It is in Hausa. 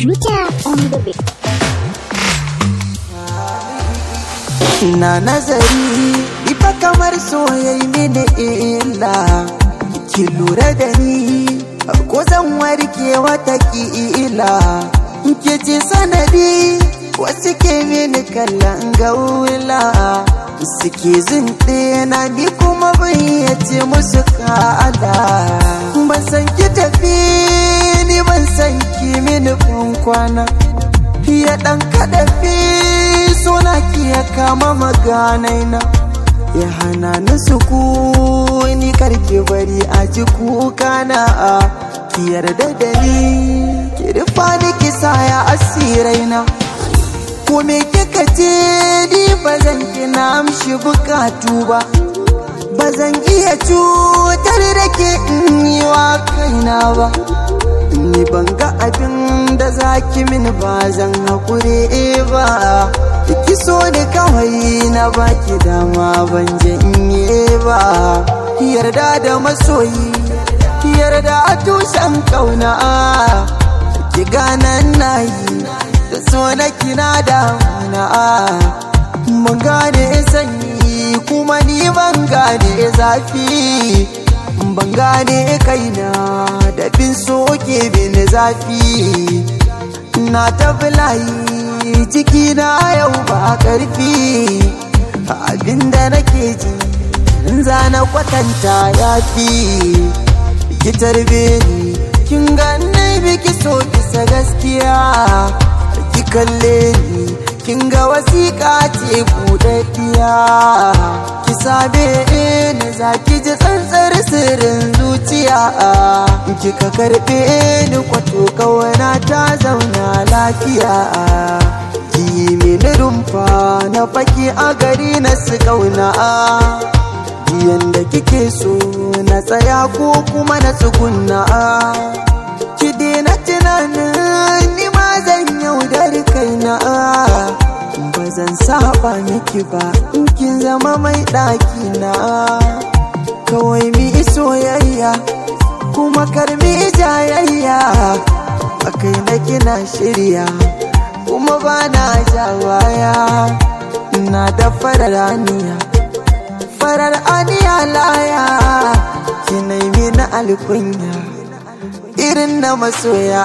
Future on the Na nazari ifa kamar soyayi mini illa ki lura da ni ko zan warke wata ila ki ji sanadi wasu ke mini kallon gaula suke zin na bi kuma bai nufin kwana fiye ɗan kaɗafi suna kiya kama maganaina ya hana ni suku ni karki bari a ji na a ki yarda da ni ki rufa ni kisa ya na ko me kika ce ni ba zan kina amshi bukatu ba bazan zan iya cutar da ke in yi wa kaina ba ni ban ga abin da zaki min ba zan haƙuri eh, ba ki so da kawai na baki dama ban janye eh, ba yarda da masoyi yarda a tushen kauna ki ganan nayi da so na kina damuna mun gane sanyi kuma ni ban gane zafi ban gane kaina zafi na ta bulayi ciki na yau ba karfi abinda nake ji in zana kwatanta ya fi ki tarbe ni kin bi ki so kisa gaskiya ki kalle ni kin ga wasiƙa ce buɗaɗɗiya ki sabe ni za ki ji tsantsar sirrin zuciya kika karɓe ni kwato kawana ta zauna lafiya yi mini rumfa na faki a gari na su kauna yanda kike so na tsaya ko kuma na tsugunna ki na tunanin ni ma zan yaudari kaina ba zan saba miki ba in kin zama mai ɗakina kawai mi soyayya kuma karmi jayayya akai na kina shirya kuma ba na jawaya na da farar aniya farar aniya laya kinai na alkunya irin na masoya